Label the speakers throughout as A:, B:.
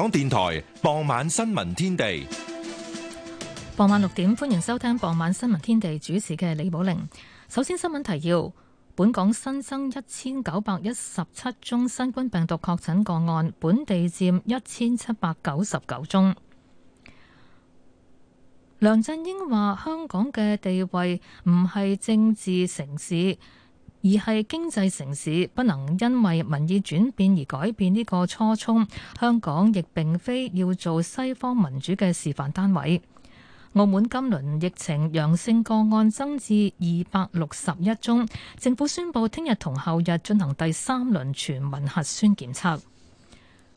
A: 香港電台傍晚新聞天地，
B: 傍晚六點歡迎收聽傍晚新聞天地，主持嘅李寶玲。首先，新聞提要：本港新增一千九百一十七宗新冠病毒確診個案，本地佔一千七百九十九宗。梁振英話：香港嘅地位唔係政治城市。而係經濟城市，不能因為民意轉變而改變呢個初衷。香港亦並非要做西方民主嘅示範單位。澳門今輪疫情陽性個案增至二百六十一宗，政府宣布聽日同後日進行第三輪全民核酸檢測。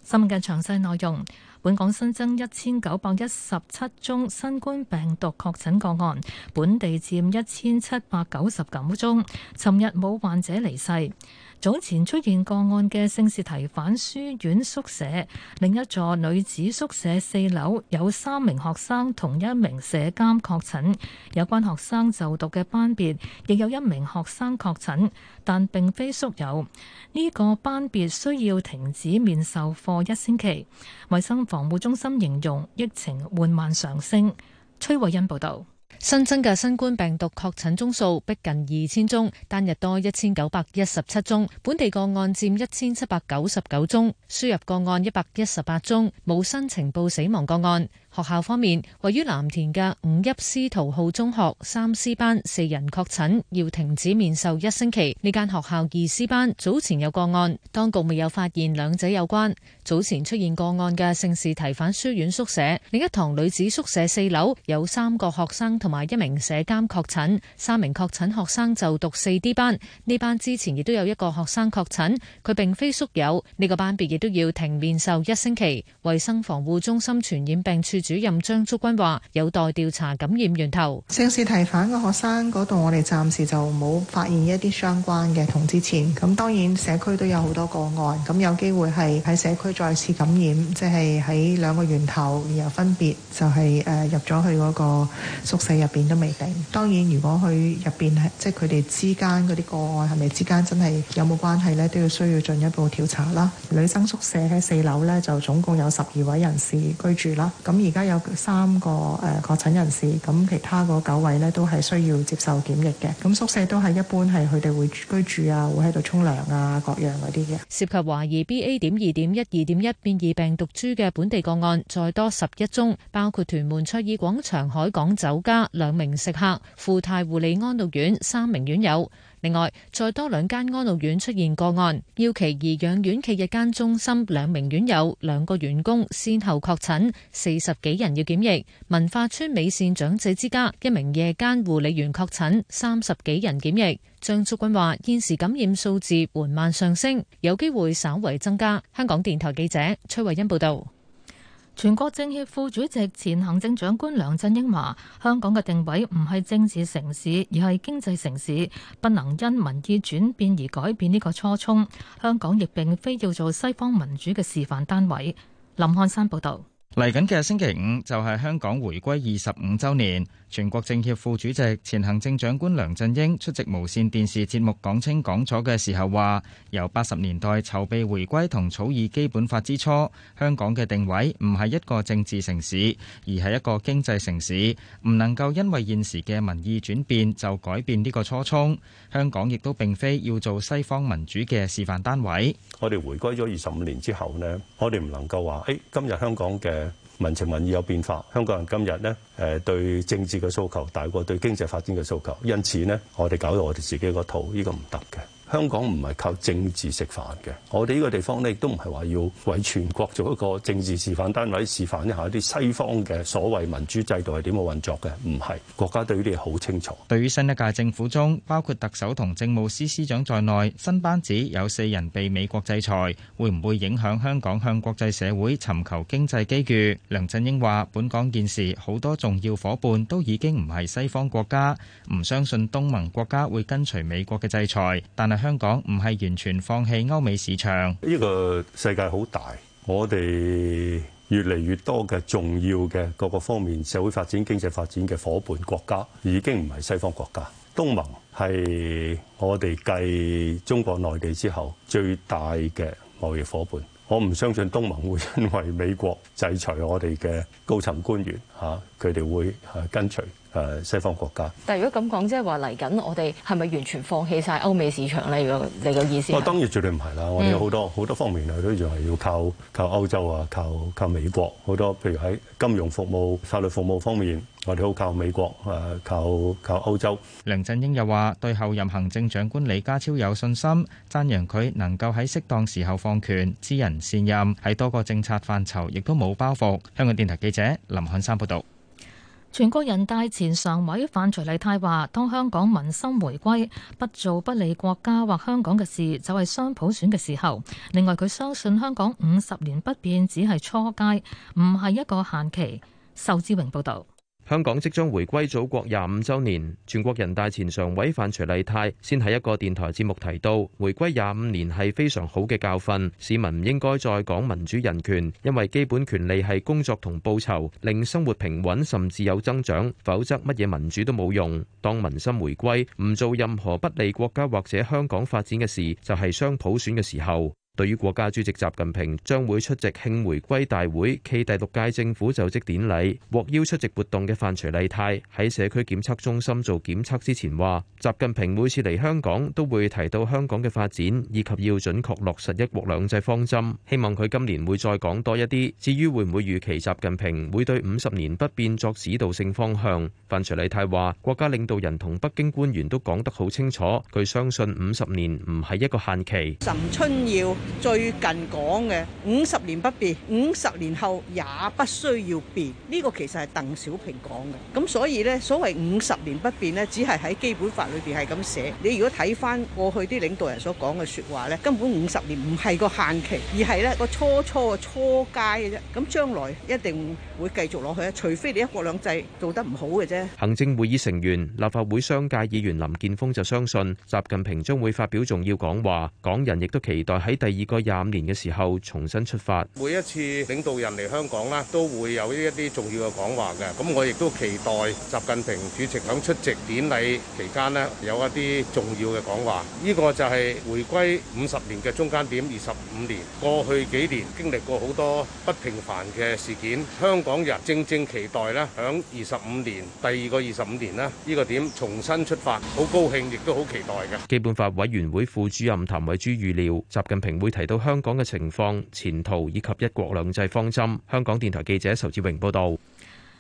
B: 新聞嘅詳細內容。本港新增一千九百一十七宗新冠病毒確診個案，本地佔一千七百九十九宗，尋日冇患者離世。早前出現個案嘅聖士提反書院宿舍，另一座女子宿舍四樓有三名學生同一名舍監確診，有關學生就讀嘅班別亦有一名學生確診，但並非宿友。呢個班別需要停止面授課一星期。衛生防護中心形容疫情緩慢上升。崔慧欣報導。新增嘅新冠病毒確診宗數逼
C: 近二千宗，單日多一千九百一十七宗，本地個案佔一千七百九十九宗，輸入個案一百一十八宗，冇新呈報死亡個案。學校方面，位於藍田嘅五邑司徒浩中學三 C 班四人確診，要停止面授一星期。呢間學校二 C 班早前有個案，當局未有發現兩者有關。早前出現個案嘅聖士提反書院宿舍，另一堂女子宿舍四樓有三個學生同埋一名舍監確診，三名確診學生就讀四 D 班，呢班之前亦都有一個學生確診，佢並非宿友，呢、呢個班別亦都要停面授一星期。衛生防護中心傳染病處主任張竹君話：有待調查感染源頭。
B: 上次提返嘅學生嗰度，我哋暫時
C: 就冇發現一啲相關嘅同之前。咁當然社區都有好多個案，咁有機會係喺社區再次感染，即係喺兩個源頭而有分別，就係誒入咗去嗰個宿舍入邊都未定。當然，如果佢入邊係
B: 即係佢哋之間嗰啲個案係咪之間真係有冇關係呢？都要需要進一步調查啦。女生宿舍喺四樓呢，就總共有十二位人士居住啦。咁而而家有三個誒確診人士，咁其他嗰九位咧都係需要接受檢疫嘅。咁
C: 宿舍都係一般係佢哋會居住啊，會喺度沖涼啊，各樣嗰啲嘅。涉及懷疑 BA. 點二點一、二點一變異病毒株嘅本地個案，再多十一宗，包括屯門卓爾廣場海港酒家兩名食客、富泰護理安樂院三名院友。另外，再多兩間安老院出現個案，要其頤養院暨日間中心兩名院友、兩個員工先後確診，四十幾人要檢疫。文化村美善長者之家一名夜間護理員確診，三十幾人檢疫。張竹君話：現時感染數字緩慢上升，有機會稍為
B: 增加。香港電台記者崔慧欣報道。全國政協副主席、前行政長官梁振英話：香港嘅定位唔係政治城市，而係經濟城市，不能因民意轉變而改變呢個初衷。香港亦並非要做西方民主嘅示範單位。林漢山報道：
D: 嚟緊嘅星期五就係香港回歸二十五周年。全國政協副主席、前行政長官梁振英出席無線電視節目講清講楚嘅時候話：由八十年代籌備回歸同草擬基本法之初，香港嘅定位唔係一個政治城市，而係一個經濟城市，唔能夠因為現時嘅民意轉變就改變呢個初
A: 衷。香港亦都並
D: 非要做西方民主嘅示範單位。
A: 我哋回歸咗二十五年之後呢，我哋唔能夠話，誒，今日香港嘅民情民意有變化，香港人今日呢，誒，對政治嘅訴求大過對經濟發展嘅訴求，因此呢，我哋搞到我哋自己個套，呢個唔得嘅。香港唔係靠政治食飯嘅，我哋呢個地方咧亦都唔係話要為全國做一個政治示範單位，示範一下一啲西方嘅所謂民主制度係點樣運作嘅，唔係，國家對於呢啲好清楚。
D: 對於新一屆政府中，包括特首同政務司司長在內，新班子有四人被美國制裁，會唔會影響香港向國際社會尋求經濟機遇？梁振英話本港現時好多重要伙伴都已經唔係西方國家，唔相信東盟國家會跟隨美國嘅制裁，但係，香港唔係完全放棄歐美市場。呢
A: 個世界好大，我哋越嚟越多嘅重要嘅各個方面，社會發展、經濟發展嘅夥伴國家，已經唔係西方國家。東盟係我哋繼中國內地之後最大嘅貿易夥伴。我唔相信東盟會因為美國制裁我哋嘅高層官員，吓佢哋會吓跟隨。誒，西方國家。
C: 但係如果咁講，即係話嚟緊，我哋係咪完全放棄晒歐美市場咧？如果你個意思？哦，當然
A: 絕對唔係啦，我哋有好多好多方面啊，都仲係要靠靠歐洲啊，靠靠美國。好多譬如喺金融服務、法律服務方面，我哋好靠美國誒，靠靠歐洲。梁振英又話：
D: 對後任行政長官李家超有信心，讚揚佢能夠喺適當時候放權、知人善任，喺多個政策範疇亦都冇包袱。香港電台記者林漢山報導。
B: 全國人大前常委范徐麗泰話：當香港民心回歸，不做不利國家或香港嘅事，就係雙普選嘅時候。另外，佢相信香港五十年不變只係初階，唔係一個限期。仇志榮報導。
E: 香港即將回歸祖國廿五周年，全國人大前常委范徐麗泰先喺一個電台節目提到，回歸廿五年係非常好嘅教訓，市民唔應該再講民主人權，因為基本權利係工作同報酬，令生活平穩甚至有增長，否則乜嘢民主都冇用。當民心回歸，唔做任何不利國家或者香港發展嘅事，就係雙普選嘅時候。對於國家主席習近平將會出席慶回歸大會暨第六屆政府就職典禮，獲邀出席活動嘅范徐麗泰喺社區檢測中心做檢測之前話，習近平每次嚟香港都會提到香港嘅發展以及要準確落實一國兩制方針，希望佢今年會再講多一啲。至於會唔會預期習近平會對五十年不變作指導性方向，范徐麗泰話，國家領導人同北京官員都講得好清楚，佢相信五十年唔係一個限期。
C: 岑春耀最近講嘅五十年不變，五十年後也不需要變。呢個其實係鄧小平講嘅。咁所以呢，所謂五十年不變呢，只係喺基本法裏邊係咁寫。你如果睇翻過去啲領導人所講嘅説話呢，根本五十年唔係個限期，而係呢個初初嘅初階嘅啫。咁將來一定會繼續落去，除非你一國兩制做得唔好嘅啫。
E: 行政會議成員、立法會商界議員林建峰就相信習近平將會發表重要講話，港人亦都期待喺第二個廿五年嘅時候重新出發。
F: 每一次領導人嚟香港啦，都會有一啲重要嘅講話嘅。咁我亦都期待習近平主席響出席典禮期間咧，有一啲重要嘅講話。依個就係回歸五十年嘅中間點，二十五年。過去幾年經歷過好多不平凡嘅事件，香港人正正期待
A: 咧，響二十五年第二個二十五年啦，依個點重新出發，好高興，亦都好期待嘅。
E: 基本法委員會副主任譚惠珠預料習近平。會提到香港嘅情況、前途以及一國兩制方針。香港電台記者仇志榮報道：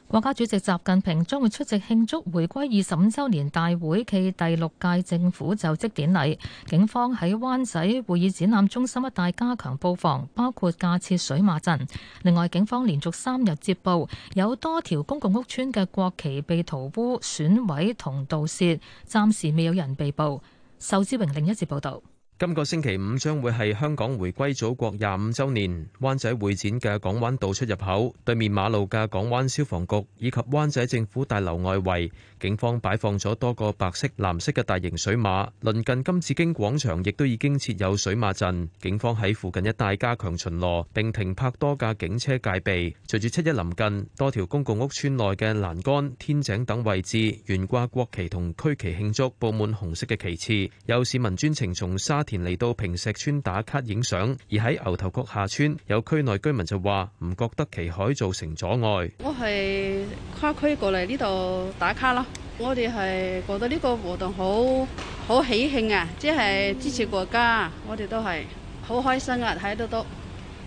B: 國家主席習近平將會出席慶祝回歸二十五週年大會暨第六屆政府就職典禮。警方喺灣仔會議展覽中心一帶加強布防，包括架設水馬陣。另外，警方連續三日接報，有多條公共屋邨嘅國旗被塗污、損毀同盜竊，暫時未有人被捕。仇志榮另一節報導。
E: 今個星期五將會係香港回歸祖國廿五周年，灣仔會展嘅港灣道出入口對面馬路嘅港灣消防局以及灣仔政府大樓外圍，警方擺放咗多個白色、藍色嘅大型水馬。鄰近金紫荊廣場亦都已經設有水馬陣，警方喺附近一帶加強巡邏，並停泊多架警車戒備。隨住七一臨近，多條公共屋村內嘅欄杆、天井等位置懸掛國旗同區旗慶祝，布滿紅色嘅旗幟。有市民專程從沙田嚟到坪石村打卡影相，而喺牛頭角下村有區內居民就話唔覺得旗海造成阻礙。
C: 我係跨區過嚟呢度打卡咯，我哋係覺得呢個活動好好喜慶啊！即係支持國家，我哋都係好開心啊！睇到都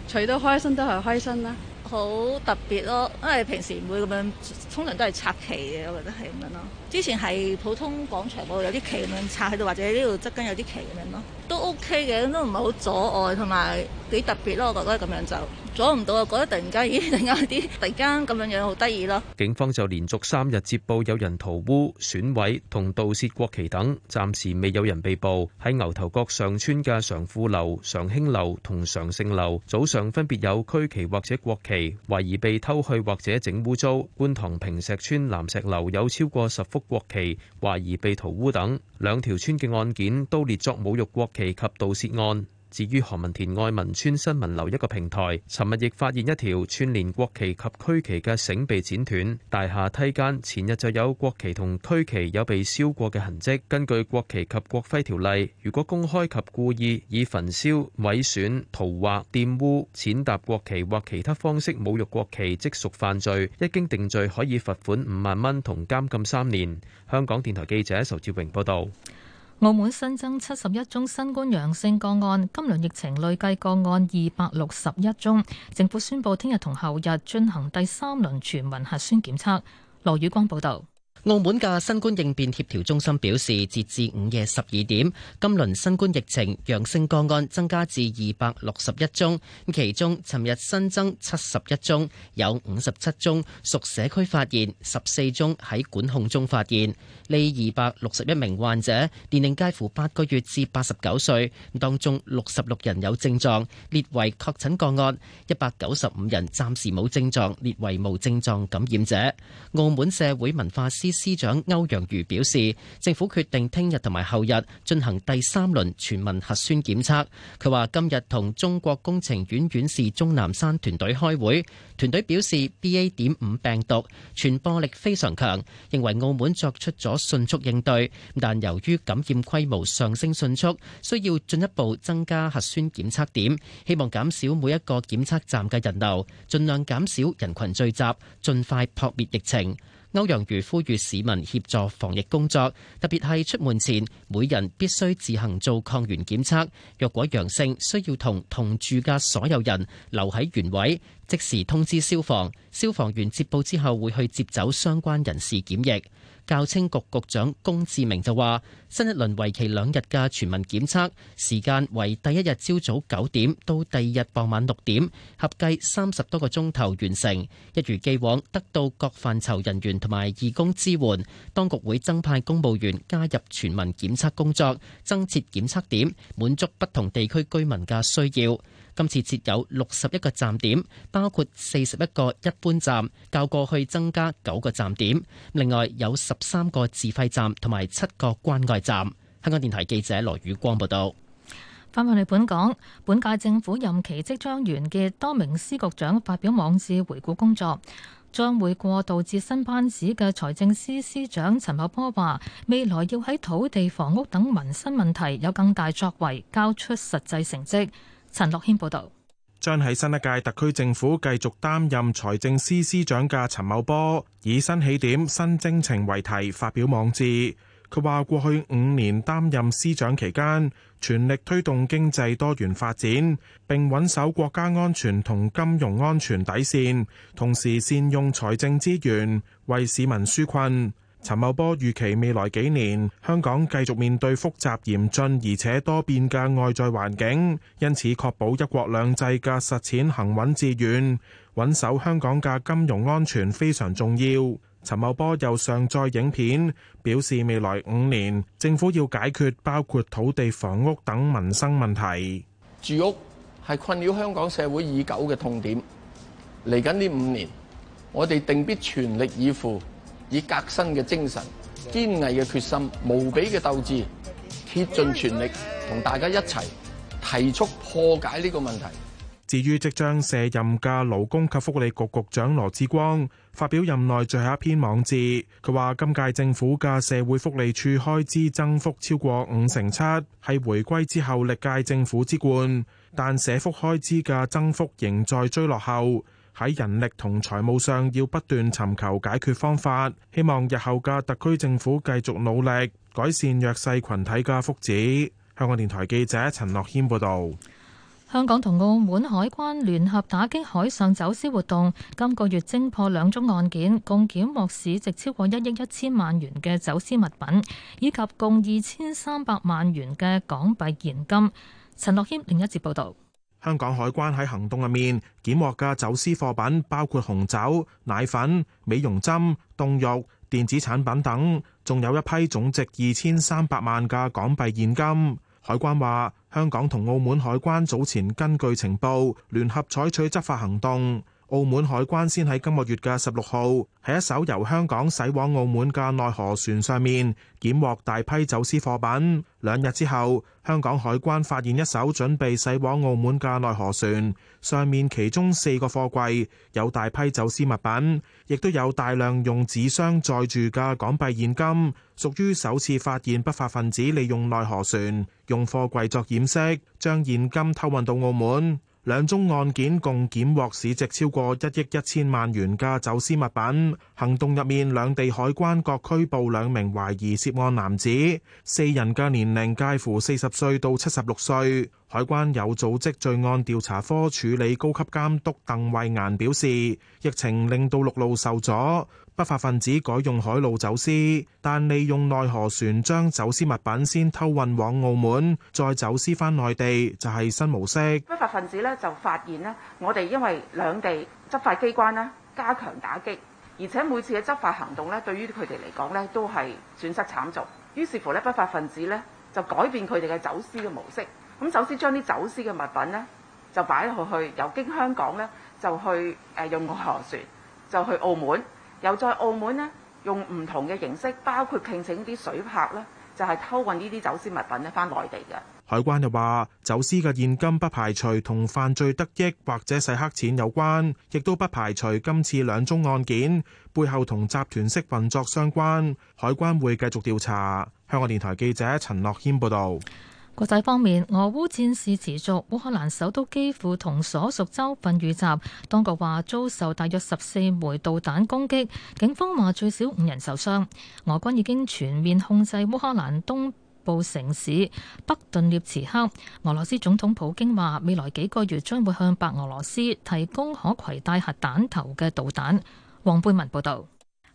C: 除咗開心都係開心啦、啊。好特別咯，因為平時唔會咁樣，通常都係拆旗嘅，我覺得係咁樣咯。之前係普通廣場嗰度有啲旗咁樣插喺度，或者呢度側跟有啲旗咁樣咯，都 OK 嘅，都唔係好阻礙，同埋幾特別咯，我覺得咁樣就。阻唔到啊！覺得突然間咦，突然間啲突然間咁樣樣好得意
E: 咯。警方就連續三日接報有人塗污、損毀同盜竊國旗等，暫時未有人被捕。喺牛頭角上村嘅常富樓、常興樓同常盛樓，早上分別有區旗或者國旗懷疑被偷去或者整污糟。觀塘平石村藍石樓有超過十幅國旗懷疑被塗污等。兩條村嘅案件都列作侮辱國旗及盜竊案。至於何文田愛民村新聞樓一個平台，尋日亦發現一條串連國旗及區旗嘅繩被剪斷，大廈梯間前日就有國旗同區旗有被燒過嘅痕跡。根據國旗及國徽條例，如果公開及故意以焚燒、毀損、塗畫、玷污、踐踏國旗或其他方式侮辱國旗，即屬犯罪。一經定罪，可以罰款五萬蚊同監禁三年。香港電台記者仇志榮報導。
B: 澳門新增七十一宗新冠陽性個案，今輪疫情累計個案二百六十一宗。政府宣布，聽日同後日進行第三輪全民核酸檢測。羅宇光報道。
G: 澳門嘅新冠應變協調中心表示，截至午夜十二點，今輪新冠疫情陽性個案增加至二百六十一宗，其中尋日新增七十一宗，有五十七宗屬社區發現，十四宗喺管控中發現。呢二百六十一名患者年齡介乎八個月至八十九歲，當中六十六人有症狀，列為確診個案；一百九十五人暫時冇症狀，列為無症狀感染者。澳門社會文化司司長歐陽瑜表示，政府決定聽日同埋後日進行第三輪全民核酸檢測。佢話今日同中國工程院院士鍾南山團隊開會，團隊表示 BA.5 病毒傳播力非常強，認為澳門作出咗迅速應對，但由於感染規模上升迅速，需要進一步增加核酸檢測點，希望減少每一個檢測站嘅人流，盡量減少人群聚集，盡快撲滅疫情。歐陽瑜呼籲市民協助防疫工作，特別係出門前，每人必須自行做抗原檢測。若果陽性，需要同同住嘅所有人留喺原位。即時通知消防，消防員接報之後會去接走相關人士檢疫。教青局局長龔志明就話：新一輪為期兩日嘅全民檢測，時間為第一日朝早九點到第二日傍晚六點，合計三十多個鐘頭完成。一如既往得到各範疇人員同埋義工支援，當局會增派公務員加入全民檢測工作，增設檢測點，滿足不同地區居民嘅需要。今次設有六十一個站點，包括四十一個一般站，較過去增加九個站點，另外有十三個自費站同埋七個關外站。香港電台記者羅宇光報道。
B: 翻返嚟本港，本屆政府任期即將完結，多名司局長發表網誌回顧工作。將會過渡至新班子嘅財政司司長陳茂波話：未來要喺土地、房屋等民生問題有更大作為，交出實際成績。陳樂軒報道，
F: 將喺新一屆特區政府繼續擔任財政司司長嘅陳茂波，以新起點、新征程為題發表網誌。佢話過去五年擔任司長期間，全力推動經濟多元發展，並穩守國家安全同金融安全底線，同時善用財政資源為市民紓困。陳茂波預期未來幾年香港繼續面對複雜嚴峻而且多變嘅外在環境，因此確保一國兩制嘅實踐行穩致遠，穩守香港嘅金融安全非常重要。陳茂波又上載影片，表示未來五年政府要解決包括土地、房屋等民生問題。
A: 住屋係困擾香港社會已久嘅痛點，嚟緊呢五年我哋定必全力以赴。以革新嘅精神、堅毅嘅決心、無比嘅鬥志，竭盡全力同大家一齊提速破解呢個問題。
F: 至於即將卸任嘅勞工及福利局局長羅致光，發表任內最後一篇網誌，佢話：今屆政府嘅社會福利處開支增幅超過五成七，係回歸之後歷屆政府之冠，但社福開支嘅增幅仍在追落後。喺人力同財務上要不斷尋求解決方法，希望日後嘅特區政府繼續努力改善弱勢群體嘅福祉。香港電台記者陳諾謙報導。
B: 香港同澳門海關聯合打擊海上走私活動，今個月偵破兩宗案件，共檢獲市值超過一億一千萬元嘅走私物品，以及共二千三百萬元嘅港幣現金。陳諾謙另一節報導。
F: 香港海關喺行動入面檢獲嘅走私貨品包括紅酒、奶粉、美容針、凍肉、電子產品等，仲有一批總值二千三百萬嘅港幣現金。海關話，香港同澳門海關早前根據情報，聯合採取執法行動。澳門海關先喺今個月嘅十六號，喺一艘由香港駛往澳門嘅內河船上面，檢獲大批走私貨品。兩日之後，香港海關發現一艘準備駛往澳門嘅內河船，上面其中四個貨櫃有大批走私物品，亦都有大量用紙箱載住嘅港幣現金，屬於首次發現不法分子利用內河船用貨櫃作掩飾，將現金偷運到澳門。兩宗案件共檢獲市值超過一億一千萬元嘅走私物品。行動入面，兩地海關各拘捕兩名懷疑涉案男子，四人嘅年齡介乎四十歲到七十六歲。海關有組織罪案調查科處理高級監督鄧慧顏表示，疫情令到陸路受阻。不法分子改用海路走私，但利用內河船將走私物品先偷運往澳門，再走私翻內地，就係新模式。
H: 不法分子咧就發現咧，我哋因為兩地執法機關咧加強打擊，而且每次嘅執法行動咧對於佢哋嚟講咧都係損失慘重，於是乎咧不法分子咧就改變佢哋嘅走私嘅模式。咁首先將啲走私嘅物品咧就擺落去，由經香港咧就去誒用個河船就去澳門。又在澳門咧，用唔同嘅形式，包括聘請啲水客咧，就係、是、偷運呢啲走
I: 私物品咧，翻內地嘅。
F: 海關又話，走私嘅現金不排除同犯罪得益或者洗黑錢有關，亦都不排除今次兩宗案件背後同集團式運作相關。海關會繼續調查。香港電台記者陳樂軒報導。
B: 國際方面，俄烏戰事持續，烏克蘭首都基輔同所屬州份遇襲。當局話遭受大約十四枚導彈攻擊，警方話最少五人受傷。俄軍已經全面控制烏克蘭東部城市北頓涅茨克。俄羅斯總統普京話，未來幾個月將會向白俄羅斯提供可攜帶核彈頭嘅導彈。王貝文報道。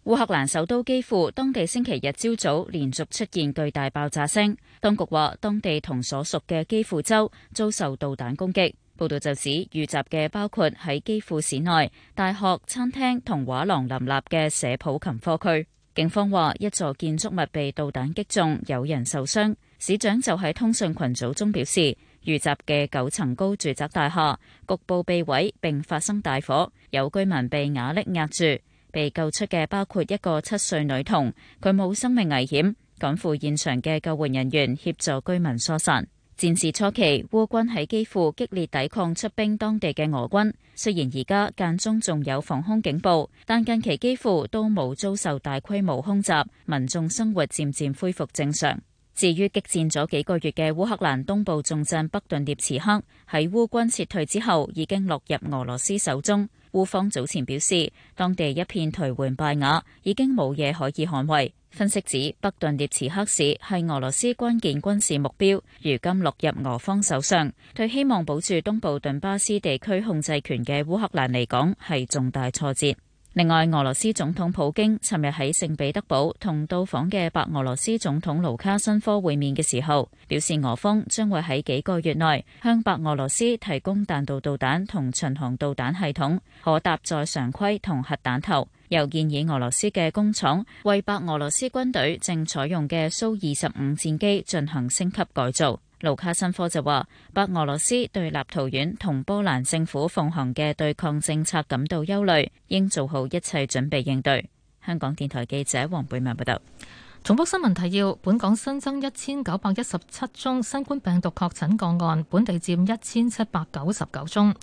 H: 烏克蘭首都基輔當地星期日朝早連續出現巨大爆炸聲，當局話當地同所屬嘅基輔州遭受導彈攻擊。報道就指遇襲嘅包括喺基輔市內大學、餐廳同畫廊林立嘅舍普琴科區。警方話一座建築物被導彈擊中，有人受傷。市長就喺通訊群組中表示，遇襲嘅九層高住宅大廈局部被毀，並發生大火，有居民被瓦礫壓住。被救出嘅包括一個七歲女童，佢冇生命危險。趕赴現場嘅救援人員協助居民疏散。戰事初期，烏軍喺基輔激烈抵抗出兵當地嘅俄軍。雖然而家間中仲有防空警報，但近期基輔都冇遭受大規模空襲，民眾生活漸漸恢復正常。至於激戰咗幾個月嘅烏克蘭東部重鎮北頓涅茨克，喺烏軍撤退之後已經落入俄羅斯手中。烏方早前表示，當地一片頹垣敗瓦，已經冇嘢可以捍衛。分析指，北頓涅茨克市係俄羅斯關鍵軍事目標，如今落入俄方手上，對希望保住東部頓巴斯地區控制權嘅烏克蘭嚟講，係重大挫折。另外，俄羅斯總統普京尋日喺聖彼得堡同到訪嘅白俄羅斯總統盧卡申科會面嘅時候，表示俄方將會喺幾個月內向白俄羅斯提供彈道導彈同巡航導彈系統，可搭載常規同核彈頭。又建議俄羅斯嘅工廠為白俄羅斯軍隊正採用嘅蘇二十五戰機進行升級改造。盧卡申科就話：白俄羅斯對立陶宛同波蘭政府奉行嘅對抗政策感到憂慮，應做好一切準備應對。
B: 香港電台記者黃貝文報道。重複新聞提要：本港新增一千九百一十七宗新冠病毒確診個案，本地佔一千七百九十九宗。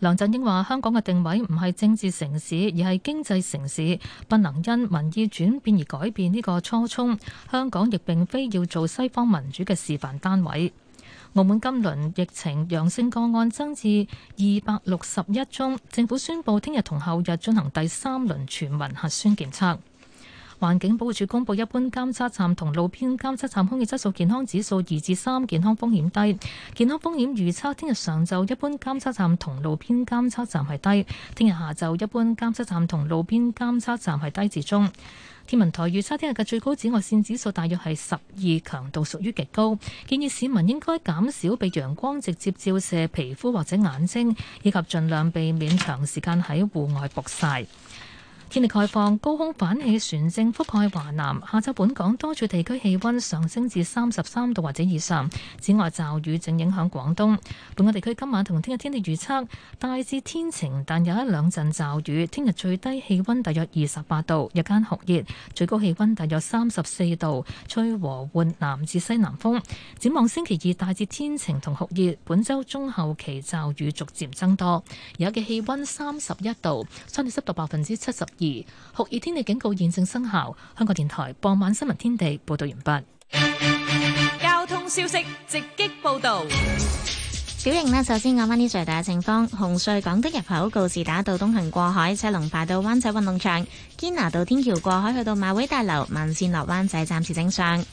B: 梁振英話：香港嘅定位唔係政治城市，而係經濟城市，不能因民意轉變而改變呢個初衷。香港亦並非要做西方民主嘅示範單位。澳門今輪疫情陽性個案增至二百六十一宗，政府宣布聽日同後日進行第三輪全民核酸檢測。環境保護署公佈一般監測站同路邊監測站空氣質素健康指數二至三，健康風險低。健康風險預測：聽日上晝一般監測站同路邊監測站係低；聽日下晝一般監測站同路邊監測站係低至中。天文台預測聽日嘅最高紫外線指數大約係十二，強度屬於極高，建議市民應該減少被陽光直接照射皮膚或者眼睛，以及盡量避免長時間喺戶外曝曬。天氣概況，高空反氣旋正覆蓋華南，下晝本港多處地區氣溫上升至三十三度或者以上。紫外驟雨正影響廣東。本港地區今晚同聽日天氣預測大致天晴，但有一兩陣驟雨。聽日最低氣溫大約二十八度，日間酷熱，最高氣溫大約三十四度，吹和緩南至西南風。展望星期二大致天晴同酷熱，本周中後期驟雨逐漸增多，而家嘅氣溫三十一度，相對濕度百分之七十。而酷熱天氣警告現正生效。香港電台傍晚新聞天地報道完畢。
C: 交通消息直擊報道。
I: 小瑩呢，首先講翻啲最大嘅情況：紅隧港的入口告士打道東行過海，車龍排到灣仔運動場；堅拿道天橋過海去到馬會大樓，慢線落灣仔，暫時正常。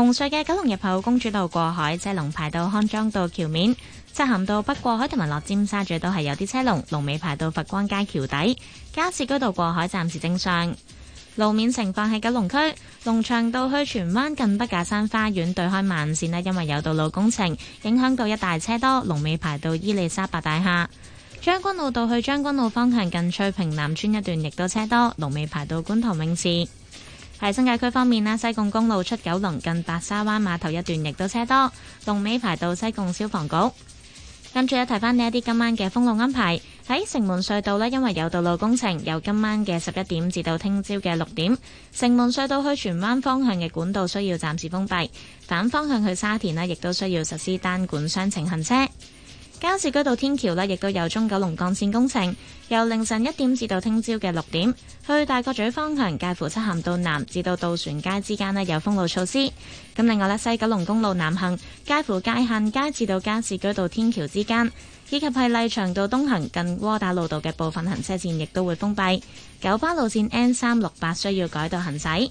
I: 紅隧嘅九龍入口，公主道過海車龍排到康莊道橋面，漆咸道北過海同埋落尖沙咀都係有啲車龍，龍尾排到佛光街橋底。加士居道過海暫時正常。路面情況喺九龍區，龍翔道去荃灣近北架山花園對開慢線咧，因為有道路工程影響到一大車多，龍尾排到伊利沙伯大廈。將軍澳道去將軍澳方向近翠屏南村一段亦都車多，龍尾排到觀塘泳池。喺新界區方面啦，西貢公路出九龍近白沙灣碼頭一段亦都車多，龍尾排到西貢消防局。跟住咧，提翻呢一啲今晚嘅封路安排喺城門隧道呢，因為有道路工程，由今晚嘅十一點至到聽朝嘅六點，城門隧道去荃灣方向嘅管道需要暫時封閉，反方向去沙田呢亦都需要實施單管雙程行車。加士居道天橋呢，亦都有中九龍幹線工程，由凌晨一點至到聽朝嘅六點，去大角咀方向介乎漆咸道南至到渡船街之間呢有封路措施。咁另外呢，西九龍公路南行介乎界限街至到加士居道天橋之間，以及係龍翔道東行近窩打老道嘅部分行車線亦都會封閉。九巴路綫 N 三六八需要改道行駛。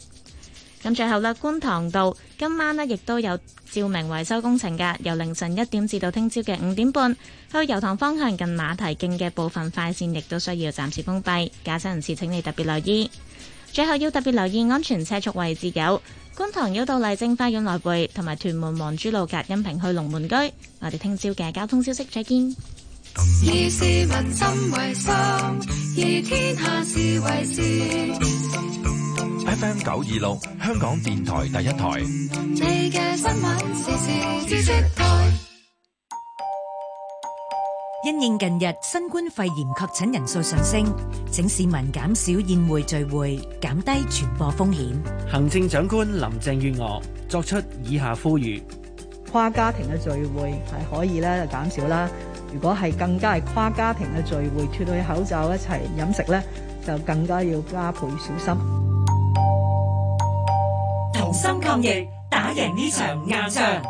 I: 咁最後啦，觀塘道今晚呢亦都有照明維修工程嘅，由凌晨一點至到聽朝嘅五點半，去油塘方向近馬蹄徑嘅部分快線亦都需要暫時封閉，駕駛人士請你特別留意。最後要特別留意安全車速位置有觀塘繞道麗晶花園來回，同埋屯門黃竹路隔音屏去龍門居。我哋聽朝嘅交通消息再見。
A: FM 九二六，香港電台第一台。
B: 因應近日新冠肺炎確診人數上升，請市民減少宴會聚會，減低傳播風險。
E: 行政長官林鄭月娥作出以下呼籲：
C: 跨家庭嘅聚會係可以咧，就減少啦，如果係更加係跨家庭嘅聚會，脫去口罩一齊飲食咧，就更加要加倍小心。心抗疫，打贏呢場硬仗。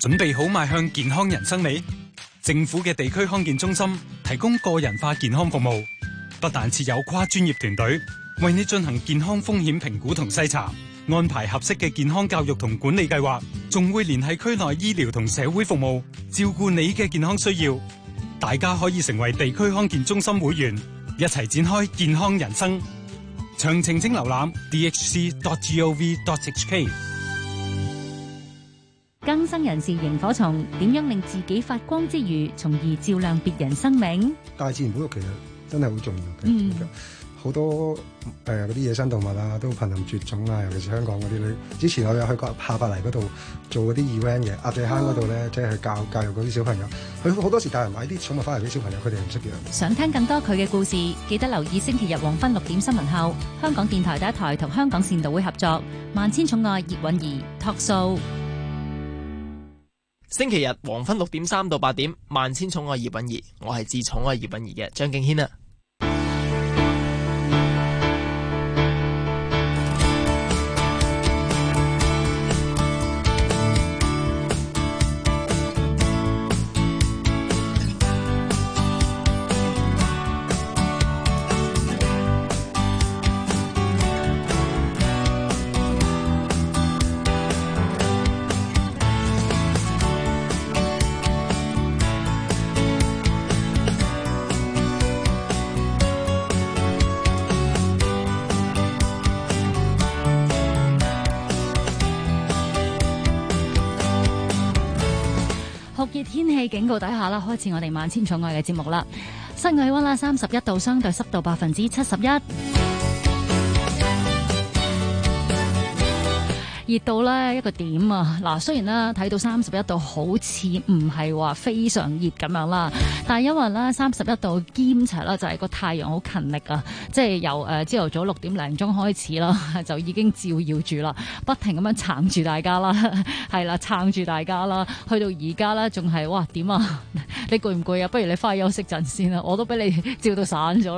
A: 準備好邁向健康人生未？政府嘅地區康健中心提供個人化健康服務，不但設有跨專業團隊為你進行健康風險評估同篩查，安排合適嘅健康教育同管理計劃，仲會聯繫區內醫療同社會服務照顧你嘅健康需要。大家可以成為地區康健中心會員，一齊展開健康人生。詳情請瀏覽 dhc.gov.hk。
C: 更生人士螢火蟲點樣令自己發光之餘，從而照亮別人生命？
A: 大自然保育其實真係好重要嘅。 好多誒，啲、呃、野生動物啊，都瀕臨絕種啊，尤其是香港嗰啲。你之前我有去過下白泥嗰度做嗰啲 event 嘅，鴨脷坑嗰度咧，即係教教育嗰啲小朋友。佢好多時帶人買啲寵物翻嚟俾小朋友，佢哋唔識養。
C: 想聽更多佢嘅故事，記得留意星期日黃昏六點新聞後，香港電台第一台同香港善導會合作《萬千寵愛葉蘊儀》talk show。
G: 星期日
E: 黃昏六點三到八點，《萬千寵愛葉蘊儀》，我係至寵愛葉蘊儀嘅張敬軒啊。
C: 氣警告底下啦，開始我哋萬千寵愛嘅節目啦。室外氣溫啦，三十一度，相對濕度百分之七十一。熱到咧一個點啊！嗱，雖然咧睇到三十一度，好似唔係話非常熱咁樣啦，但係因為咧三十一度兼齊啦，就係個太陽好勤力啊，即係由誒朝頭早六點零鐘開始啦，就已經照耀住啦，不停咁樣撐住大家啦，係 啦，撐住大家啦，去到而家咧仲係，哇點啊？你攰唔攰啊？不如你翻去休息陣先啊。我都俾你照到散咗。